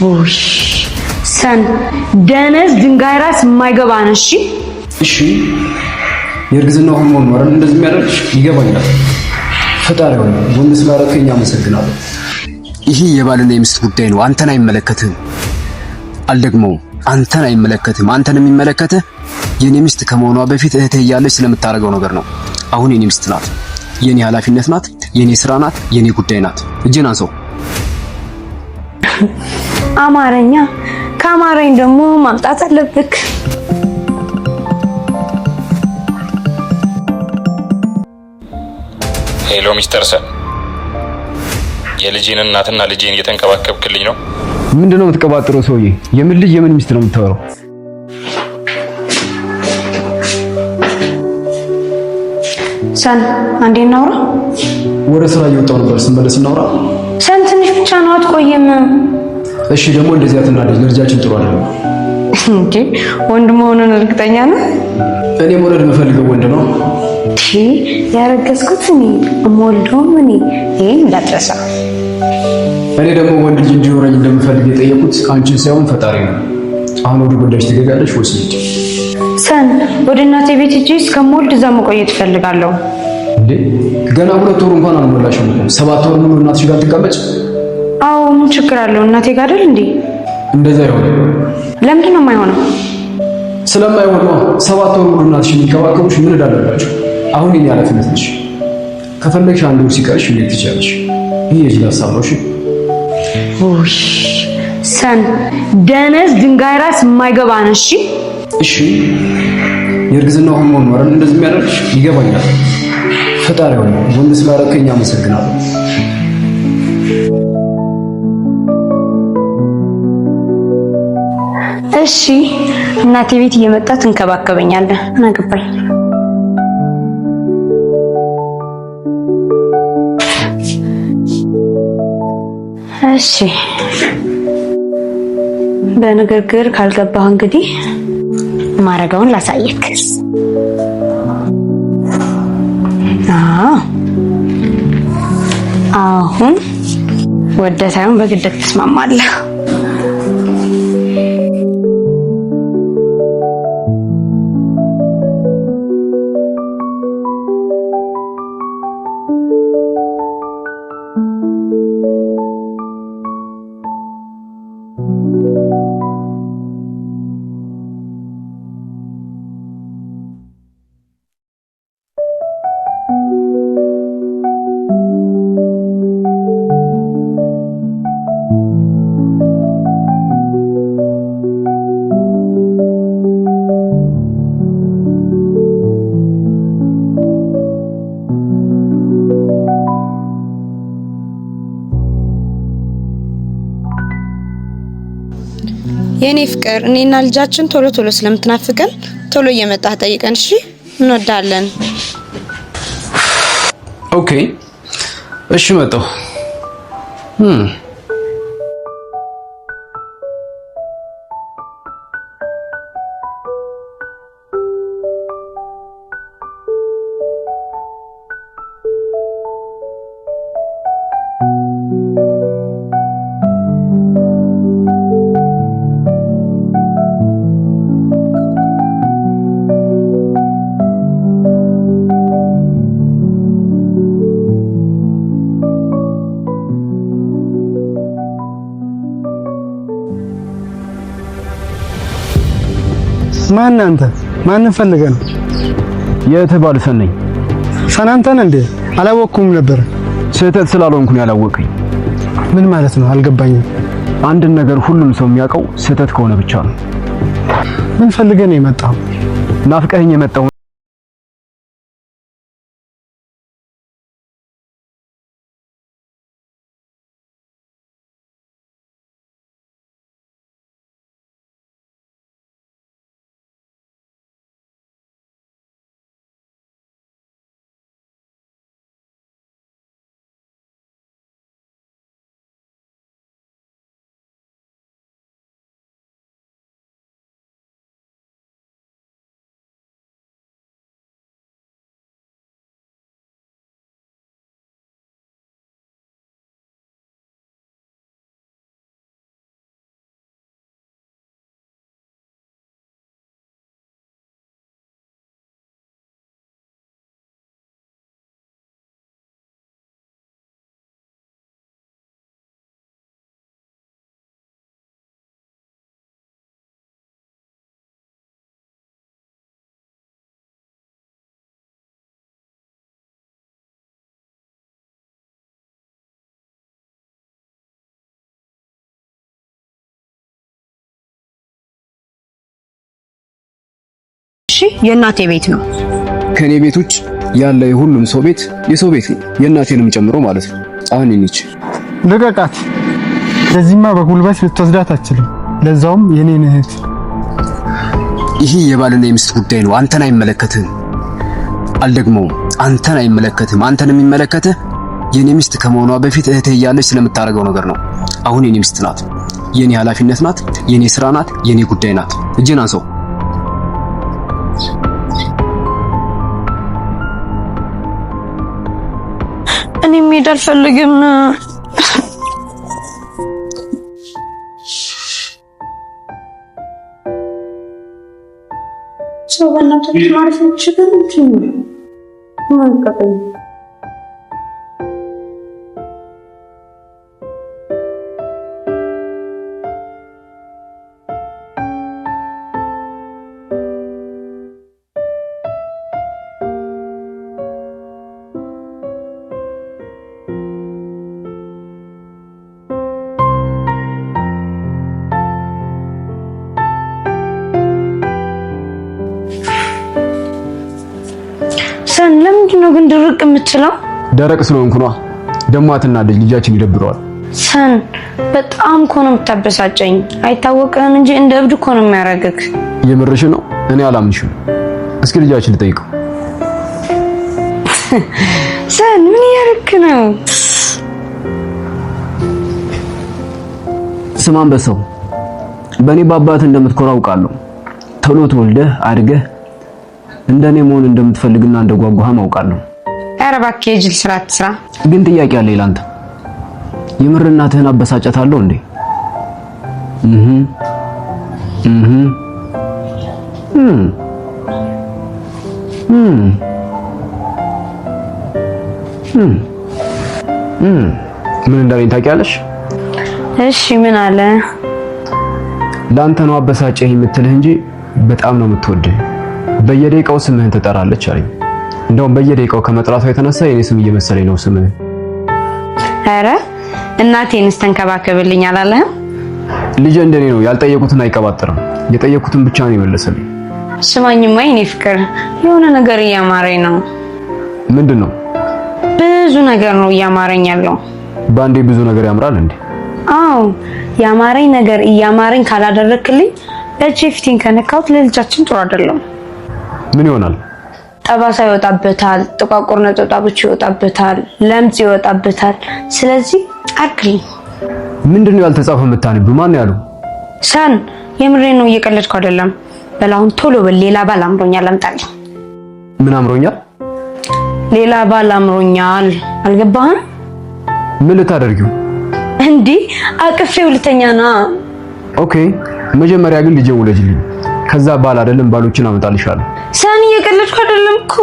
ቡሽ ሰን ደነዝ ድንጋይ ራስ የማይገባ ነው። እሺ እሺ፣ የእርግዝና ሆርሞን ነው አይደል? እንደዚህ የሚያደርግሽ ይገባኛል። ፈጣሪ ሆይ ወንድ ስላደረከኝ አመሰግናለሁ። ይሄ የባልና የሚስት ጉዳይ ነው። አንተን አይመለከትህም። አልደግመውም። አንተን አይመለከትህም። አንተን የሚመለከትህ የኔ ሚስት ከመሆኗ በፊት እህት እያለች ስለምታደርገው ነገር ነው። አሁን የኔ ሚስት ናት፣ የኔ ኃላፊነት ናት፣ የኔ ስራ ናት፣ የኔ ጉዳይ ናት። እጄን አንሰው አማረኛ ከአማረኝ ደግሞ ማምጣት አለብክ። ሄሎ ሚስተር ሰን፣ የልጄን እናትና ልጄን እየተንከባከብክልኝ ነው? ምንድነው የምትቀባጥረው ሰውዬ? የምን ልጅ የምን ሚስት ነው የምታወራው? ሰን አንዴ እናውራ። ወደ ስራ እየወጣሁ ነበር፣ ስንመለስ እናውራ። ሰን ትንሽ ብቻ ነው አትቆይም? እሺ ደግሞ እንደዚህ አትናደጅ፣ ለልጃችን ጥሩ አይደለም እንዴ። ወንድ መሆኑን እርግጠኛ ነው። እኔ መውለድ የምፈልገው ወንድ ነው። እሺ ያረገዝኩት እኔ እምወልደውም እኔ። ይሄን እንዳትረሳ። እኔ ደግሞ ወንድ ልጅ እንዲኖረኝ እንደምፈልግ የጠየቁት አንቺን ሳይሆን ፈጣሪ ነው። አሁን ወደ ጉዳይሽ ትገቢያለሽ ወይስ ልጅ ሰን? ወደ እናቴ ቤት ሂጅ። እስከምወልድ እዛ መቆየት እፈልጋለሁ። እንዴ ገና ሁለት ወር እንኳን አልሞላሽም። ሰባት ወር ሙሉ እናትሽ ጋር ትቀመጭ ያው ምን ችግር አለው? እናቴ ጋር አይደል እንዴ? እንደዛ አይሆንም። ለምንድን ነው የማይሆነው? ስለማይሆን ነው። ሰባት ወር ሙሉ እናትሽ የሚንከባከቡሽ ምን እዳለባቸው። አሁን የኔ ኃላፊነት ነሽ። ከፈለግሽ አንድ ወር ሲቀርሽ እንዴት ትችላለሽ? ይህ የጅል ሀሳብ ነው። እሺ ሰን ደነዝ ድንጋይ ራስ የማይገባ ነው። እሺ እሺ፣ የእርግዝና ሆርሞን ነው እንደዚህ የሚያደርግሽ ይገባኛል። ፈጣሪ ሆይ ወንድ ስላደረከኝ አመሰግናለሁ። እሺ እናቴ ቤት እየመጣ ትንከባከበኛለህ። ምን እሺ በንግግር ካልገባህ እንግዲህ ማረጋውን ላሳየክ። አሁን ወደ ሳይሆን በግድ ትስማማለህ። የእኔ ፍቅር እኔና ልጃችን ቶሎ ቶሎ ስለምትናፍቀን ቶሎ እየመጣህ ጠይቀን እሺ። እንወዳለን። ኦኬ፣ እሺ መጣሁ። ማን አንተ? ማንን ፈልገህ ነው? የተባሉ ሰነኝ ሰናንተን እንዴ? አላወቅኩም ነበር። ስህተት ስላልሆንኩ ነው ያላወቀኝ። ምን ማለት ነው? አልገባኝም። አንድን ነገር ሁሉም ሰው የሚያውቀው ስህተት ከሆነ ብቻ ነው። ምን ፈልገህ ነው የመጣው? ናፍቀኸኝ የመጣው የእናቴ ቤት ነው። ከኔ ቤት ውጭ ያለ የሁሉም ሰው ቤት የሰው ቤት ነው፣ የእናቴንም ጨምሮ ማለት ነው። አሁን እንቺ ልቀቃት። ለዚህማ በጉልበት ልትወስዳት አትችልም፣ ለዛውም የኔን እህት። ይሄ የባልና የሚስት ጉዳይ ነው፣ አንተን አይመለከትህም። አልደግመውም፣ አንተን አይመለከትህም። አንተን የሚመለከትህ የኔ ሚስት ከመሆኗ በፊት እህቴ እያለች ስለምታደርገው ነገር ነው። አሁን የኔ ሚስት ናት፣ የኔ ኃላፊነት ናት፣ የኔ ስራ ናት፣ የኔ ጉዳይ ናት። እጄን አንሰው። መሄድ አልፈልግም። ሰው በእናቶች ማለት ድርቅ የምትችለው? ደረቅ ስለሆንኩ ነዋ። ደማትና ደጅ ልጃችን ይደብረዋል። ሰን በጣም እኮ ነው የምታበሳጨኝ። አይታወቅህም እንጂ እንደ እብድ እኮ ነው የሚያረግክ። የምርሽ ነው? እኔ አላምንሽም። እስኪ ልጃችን ልጠይቀው። ሰን ምን ያርክ ነው? ስማ አንበሳው፣ በእኔ በአባት እንደምትኮራ አውቃለሁ። ቶሎ ተወልደህ አድገህ እንደኔ መሆን እንደምትፈልግና እንደጓጓህ አውቃለሁ። ኧረ እባክህ ስራ ትስራ። ግን ጥያቄ አለኝ ለአንተ። የምር እናትህን አበሳጨታለሁ እንዴ? እህ እህ ምን እንዳለኝ ታውቂያለሽ? እሺ ምን አለ? ለአንተ ነው አበሳጨህ የምትልህ እንጂ በጣም ነው የምትወድህ። በየደቂቃው ስምህን ትጠራለች አለኝ። እንደውም በየደቂቃው ከመጥራቷ የተነሳ የኔ ስም እየመሰለኝ ነው ስም። አረ እናቴንስ ተንከባከብልኝ አላለህም? ልጅ እንደኔ ነው፣ ያልጠየቁትን አይቀባጥርም። የጠየቁትን ብቻ ነው የመለሰልኝ። ስማኝማ የኔ ፍቅር፣ የሆነ ነገር እያማረኝ ነው። ምንድን ነው? ብዙ ነገር ነው እያማረኝ ያለው። በአንዴ ብዙ ነገር ያምራል እንዴ? አዎ ያማረኝ ነገር እያማረኝ ካላደረክልኝ እጄ ፊቴን ከነካሁት ለልጃችን ጥሩ አይደለም። ምን ይሆናል? ጠባሳ ይወጣበታል፣ ጥቋቁር ነጠብጣቦች ይወጣበታል፣ ለምጽ ይወጣበታል። ስለዚህ አክሊ ምንድን ነው ያልተጻፈ የምታነብ ማን ያሉ ሰን የምሬ ነው፣ እየቀለድኩ አይደለም። በላሁን ቶሎ በል፣ ሌላ ባል አምሮኛል አምጣልኝ። ምን አምሮኛል? ሌላ ባል አምሮኛል። አልገባህም? ምን ልታደርጊው? እንዲህ አቅፌ ሁለተኛ ና። ኦኬ፣ መጀመሪያ ግን ልጄ ውለጅልኝ፣ ከዛ ባል አይደለም ባሎችን አመጣልሻለሁ። እየቀለድኩ አይደለም እኮ።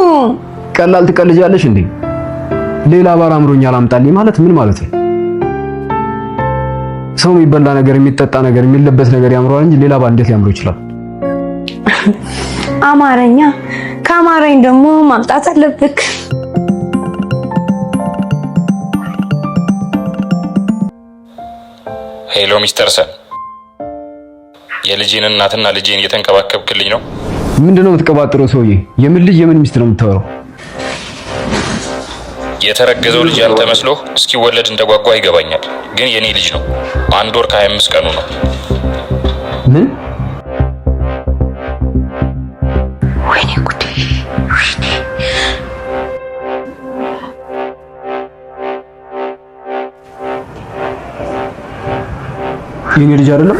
ቀላል ትቀልጃለሽ እንዴ? ሌላ አባር አምሮኛ አላምጣልኝ ማለት ምን ማለት ነው? ሰው የሚበላ ነገር፣ የሚጠጣ ነገር፣ የሚለበስ ነገር ያምረዋል እንጂ ሌላ ባል እንዴት ሊያምረው ይችላል? አማረኛ ከአማረኝ ደግሞ ማምጣት አለብክ። ሄሎ ሚስተር ሰን የልጄን እናትና ልጄን እየተንከባከብክልኝ ነው? ምንድነው የምትቀባጥረው ሰውዬ? የምን ልጅ የምን ሚስት ነው የምታወራው? የተረገዘው ልጅ ያንተ መስሎ እስኪወለድ እንደጓጓ ይገባኛል። ግን የኔ ልጅ ነው። አንድ ወር ከ25 ቀኑ ነው። ምን የኔ ልጅ አይደለም?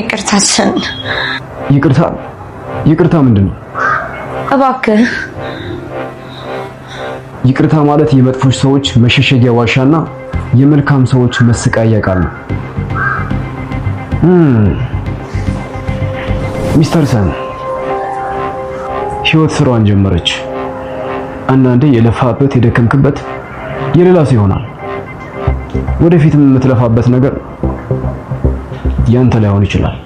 ይቅርታችን። ይቅርታ ይቅርታ ምንድን ነው? እባክህ ይቅርታ ማለት የመጥፎች ሰዎች መሸሸጊያ ዋሻና የመልካም ሰዎች መስቃያ ቃል ነው። ሚስተር ሰን ህይወት ስራዋን ጀመረች። አንዳንዴ የለፋበት የደከምክበት የሌላ ሰው ይሆናል። ወደፊትም የምትለፋበት ነገር ያንተ ላይሆን ይችላል።